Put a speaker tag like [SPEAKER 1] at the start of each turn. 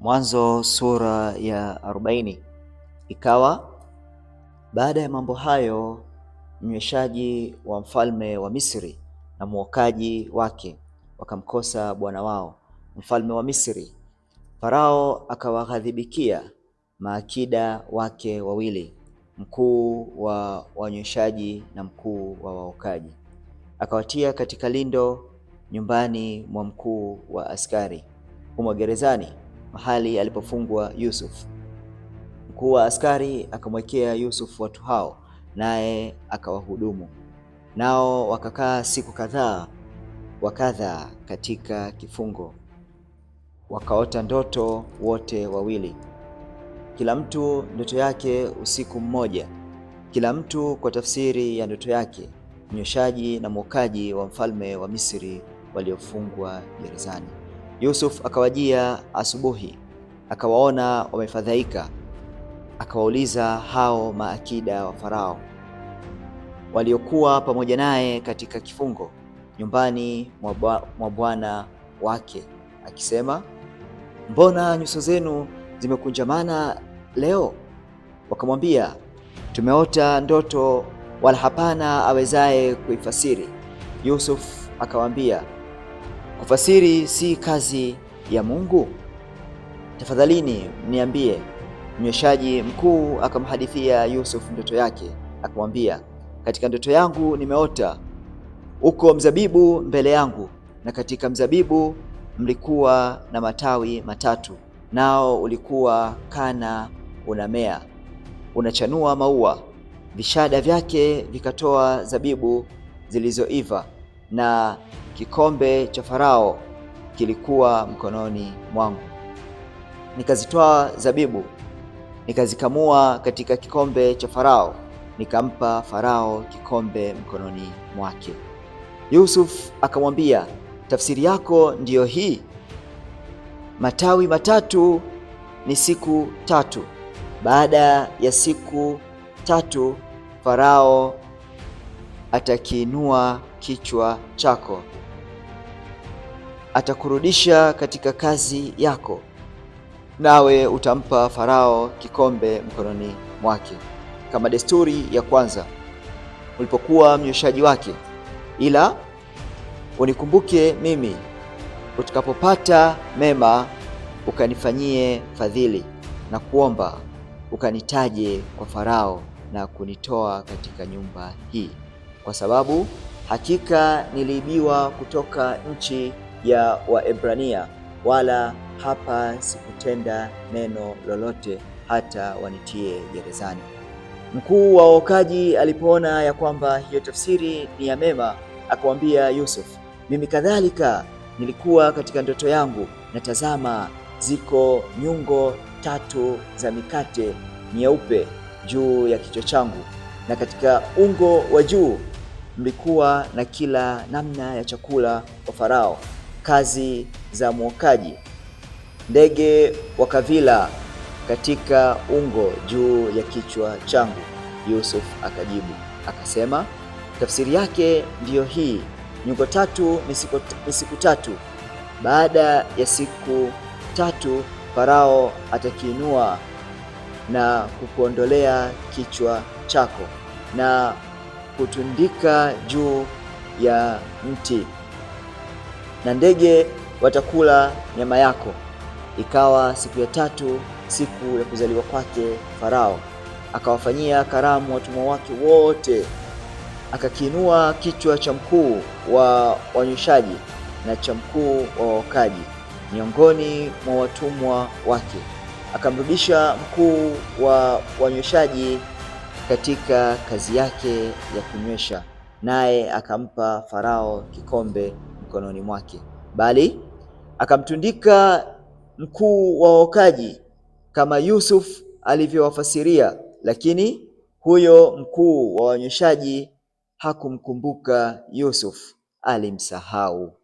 [SPEAKER 1] Mwanzo sura ya 40. Ikawa baada ya mambo hayo, mnyweshaji wa mfalme wa Misri na mwokaji wake wakamkosa bwana wao mfalme wa Misri. Farao akawaghadhibikia maakida wake wawili, mkuu wa wanyweshaji na mkuu wa waokaji, akawatia katika lindo nyumbani mwa mkuu wa askari humo gerezani mahali alipofungwa Yusuf. Mkuu wa askari akamwekea Yusuf watu hao, naye akawahudumu nao. Wakakaa siku kadhaa wa kadhaa katika kifungo, wakaota ndoto wote wawili, kila mtu ndoto yake usiku mmoja, kila mtu kwa tafsiri ya ndoto yake, mnyoshaji na mwokaji wa mfalme wa Misri waliofungwa gerezani. Yusuf akawajia asubuhi, akawaona wamefadhaika, akawauliza hao maakida wa Farao waliokuwa pamoja naye katika kifungo nyumbani mwa bwana wake akisema, mbona nyuso zenu zimekunjamana leo? Wakamwambia, tumeota ndoto, wala hapana awezaye kuifasiri. Yusuf akawaambia Kufasiri si kazi ya Mungu? Tafadhalini niambie Mnyweshaji mkuu akamhadithia Yusuf ndoto yake, akamwambia, katika ndoto yangu nimeota uko mzabibu mbele yangu, na katika mzabibu mlikuwa na matawi matatu, nao ulikuwa kana unamea, unachanua maua, vishada vyake vikatoa zabibu zilizoiva na Kikombe cha Farao kilikuwa mkononi mwangu. Nikazitwaa zabibu, nikazikamua katika kikombe cha Farao, nikampa Farao kikombe mkononi mwake. Yusuf akamwambia, tafsiri yako ndiyo hii, matawi matatu ni siku tatu. Baada ya siku tatu Farao atakiinua kichwa chako atakurudisha katika kazi yako, nawe utampa Farao kikombe mkononi mwake, kama desturi ya kwanza ulipokuwa mnyweshaji wake, ila unikumbuke mimi utakapopata mema, ukanifanyie fadhili na kuomba, ukanitaje kwa Farao na kunitoa katika nyumba hii, kwa sababu hakika niliibiwa kutoka nchi ya Waebrania, wala hapa sikutenda neno lolote hata wanitie gerezani. Mkuu wa waokaji alipoona ya kwamba hiyo tafsiri ni ya mema, akamwambia Yusuf, mimi kadhalika nilikuwa katika ndoto yangu, na tazama, ziko nyungo tatu za mikate nyeupe juu ya kichwa changu, na katika ungo wa juu mlikuwa na kila namna ya chakula kwa Farao kazi za mwokaji. Ndege wakavila katika ungo juu ya kichwa changu. Yusuf akajibu akasema, tafsiri yake ndiyo hii: nyungo tatu ni siku tatu. Baada ya siku tatu Farao atakiinua na kukuondolea kichwa chako na kutundika juu ya mti na ndege watakula nyama yako. Ikawa siku ya tatu, siku ya kuzaliwa kwake Farao, akawafanyia karamu watumwa wake wote, akakiinua kichwa cha mkuu wa wanyweshaji na cha mkuu wa waokaji miongoni mwa watumwa wake, akamrudisha mkuu wa wanyweshaji katika kazi yake ya kunywesha, naye akampa Farao kikombe mikononi mwake, bali akamtundika mkuu wa waokaji kama Yusuf alivyowafasiria, lakini huyo mkuu wa wanyoshaji hakumkumbuka Yusuf, alimsahau.